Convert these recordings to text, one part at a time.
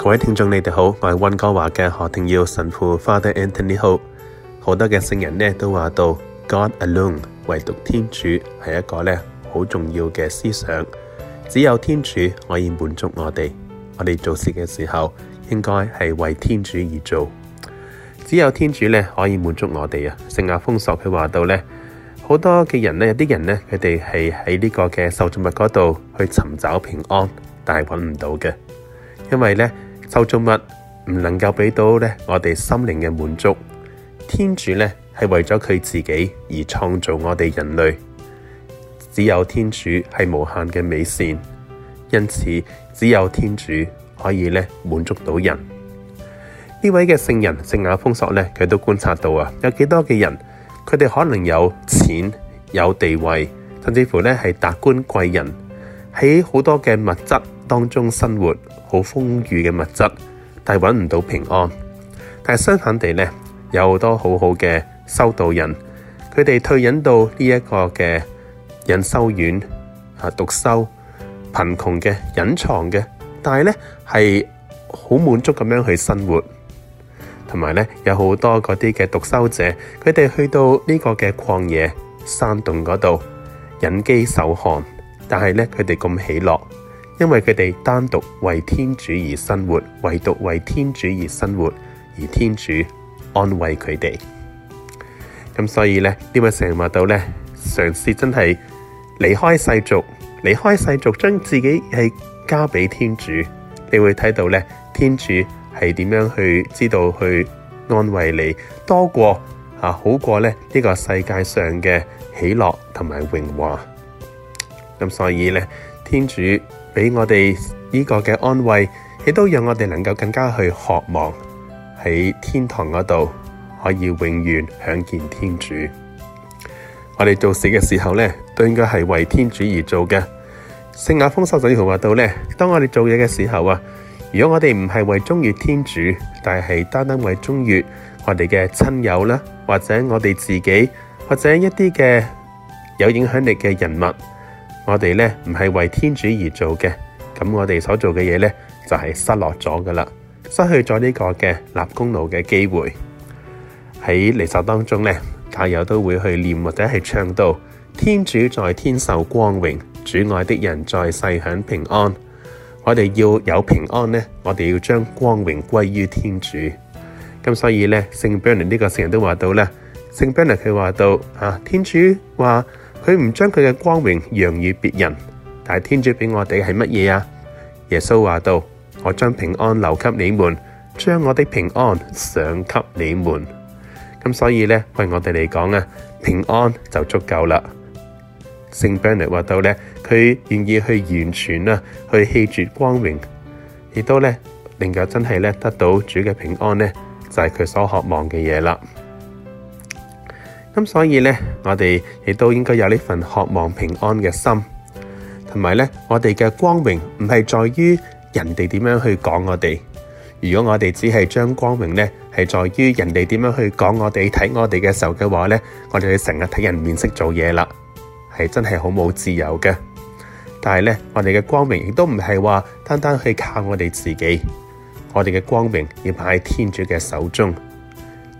各位聽眾，你哋好，我係溫哥華嘅何庭耀神父 Father Anthony Ho。好多嘅聖人呢都話到，God alone，唯獨天主係一個呢好重要嘅思想。只有天主可以滿足我哋，我哋做事嘅時候應該係為天主而做。只有天主呢可以滿足我哋啊。聖亞封索佢話到呢，好多嘅人呢，有啲人呢，佢哋係喺呢個嘅受造物嗰度去尋找平安，但係揾唔到嘅，因為呢。受造物唔能夠畀到我哋心靈嘅滿足，天主咧係為咗佢自己而創造我哋人類，只有天主係無限嘅美善，因此只有天主可以咧滿足到人。呢位嘅聖人聖雅封索咧，佢都觀察到啊，有幾多嘅人，佢哋可能有錢、有地位，甚至乎咧係達官貴人，喺好多嘅物質。當中生活好豐裕嘅物質，但係搵唔到平安。但係相反地咧，有好多好好嘅修道人，佢哋退隱到呢一個嘅隱修院啊，獨修貧窮嘅隱藏嘅，但係咧係好滿足咁樣去生活。同埋咧，有好多嗰啲嘅獨修者，佢哋去到呢個嘅曠野山洞嗰度隱機受寒，但係咧佢哋咁喜樂。因為佢哋單獨為天主而生活，唯獨為天主而生活，而天主安慰佢哋。咁所以呢，點解成日話到呢，嘗試真係離開世俗，離開世俗，將自己係交俾天主，你會睇到呢，天主係點樣去知道去安慰你，多過啊好過呢，呢、呢個世界上嘅喜樂同埋榮華。咁所以呢，天主。俾我哋呢個嘅安慰，亦都讓我哋能夠更加去渴望喺天堂嗰度可以永遠享見天主。我哋做事嘅時候咧，都應該係爲天主而做嘅。聖雅豐修就呢條話到咧，當我哋做嘢嘅時候啊，如果我哋唔係爲忠悅天主，但係單單爲忠悅我哋嘅親友啦，或者我哋自己，或者一啲嘅有影響力嘅人物。我哋咧唔係為天主而做嘅，咁我哋所做嘅嘢咧就係、是、失落咗噶啦，失去咗呢個嘅立功勞嘅機會。喺彌撒當中咧，教友都會去念或者係唱到：天主在天受光榮，主愛的人在世享平安。我哋要有平安咧，我哋要將光榮歸於天主。咁所以咧，聖伯納尼呢個聖人都話到啦，聖伯納尼佢話到啊，天主話。佢唔將佢嘅光榮讓予別人，但係天主俾我哋係乜嘢啊？耶穌話道：我將平安留給你們，將我的平安賞給你們。咁所以咧，為我哋嚟講啊，平安就足夠啦。聖伯爾納鐸話到咧，佢願意去完全啊，去棄絕光榮，亦都咧能夠真係咧得到主嘅平安咧，就係佢所渴望嘅嘢啦。咁、嗯、所以呢，我哋亦都應該有呢份渴望平安嘅心，同埋呢，我哋嘅光榮唔係在於人哋點樣去講我哋。如果我哋只係將光榮呢，係在於人哋點樣去講我哋睇我哋嘅時候嘅話呢，我哋要成日睇人面色做嘢啦，係真係好冇自由嘅。但係呢，我哋嘅光榮亦都唔係話單單去靠我哋自己，我哋嘅光榮要擺喺天主嘅手中。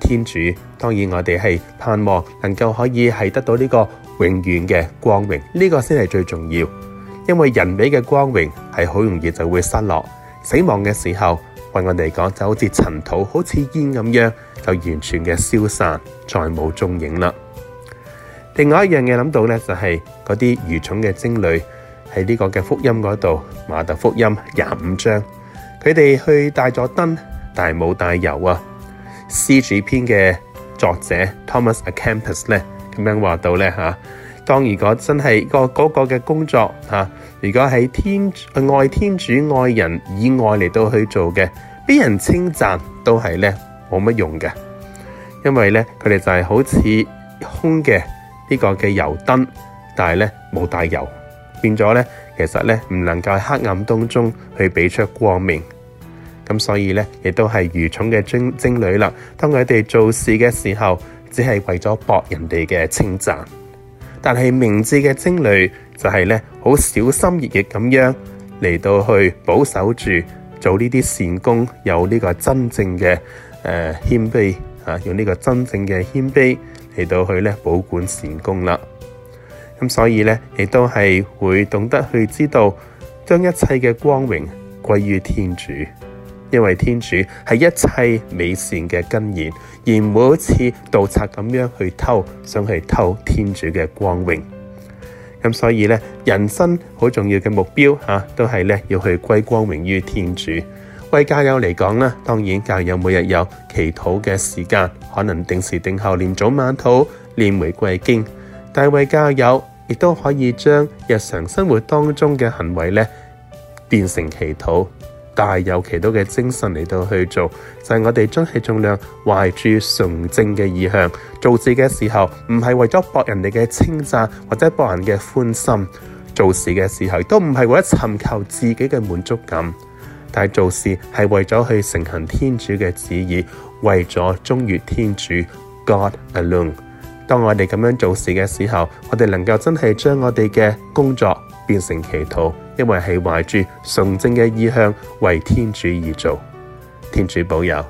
天主，當然我哋係盼望能夠可以係得到呢個永遠嘅光榮，呢個先係最重要。因為人俾嘅光榮係好容易就會失落，死亡嘅時候為我哋講就好似塵土，好似煙咁樣，就完全嘅消散，再冇蹤影啦。另外一樣嘢諗到呢就係嗰啲愚蠢嘅貞女喺呢個嘅福音嗰度，馬特福音廿五章，佢哋去帶咗燈，但係冇帶油啊。《師主篇》嘅作者 Thomas A Kempis 呢，咁樣話到呢。吓、啊，當如果真係個嗰個嘅工作吓、啊，如果係天愛天主愛人以外嚟到去做嘅，俾人稱讚都係咧冇乜用嘅，因為呢，佢哋就係好似空嘅呢個嘅油燈，但係呢，冇帶油，變咗呢，其實呢，唔能夠在黑暗當中去俾出光明。咁所以呢，亦都係愚蠢嘅精精女啦。當佢哋做事嘅時候，只係為咗博人哋嘅稱讚。但係明智嘅精女就係呢，好小心翼翼咁樣嚟到去保守住做呢啲善功，有呢個真正嘅誒謙卑嚇、啊，用呢個真正嘅謙卑嚟到去呢保管善功啦。咁所以呢，亦都係會懂得去知道將一切嘅光榮歸於天主。因為天主係一切美善嘅根源，而唔會好似盜賊咁樣去偷，想去偷天主嘅光榮。咁所以咧，人生好重要嘅目標、啊、都係咧要去歸光榮於天主。為教友嚟講啦，當然教友每日有祈禱嘅時間，可能定時定候念早晚禱、念玫瑰經。但係為教友，亦都可以將日常生活當中嘅行為咧，變成祈禱。大有其多嘅精神嚟到去做，就係、是、我哋真係盡量懷住純正嘅意向做事嘅時候，唔係為咗博人哋嘅稱讚或者博人嘅歡心，做事嘅時候都唔係為咗尋求自己嘅滿足感，但係做事係為咗去承行天主嘅旨意，為咗忠於天主 God alone。當我哋咁樣做事嘅時候，我哋能夠真係將我哋嘅工作變成祈禱。因為係懷住崇正嘅意向，為天主而做，天主保佑。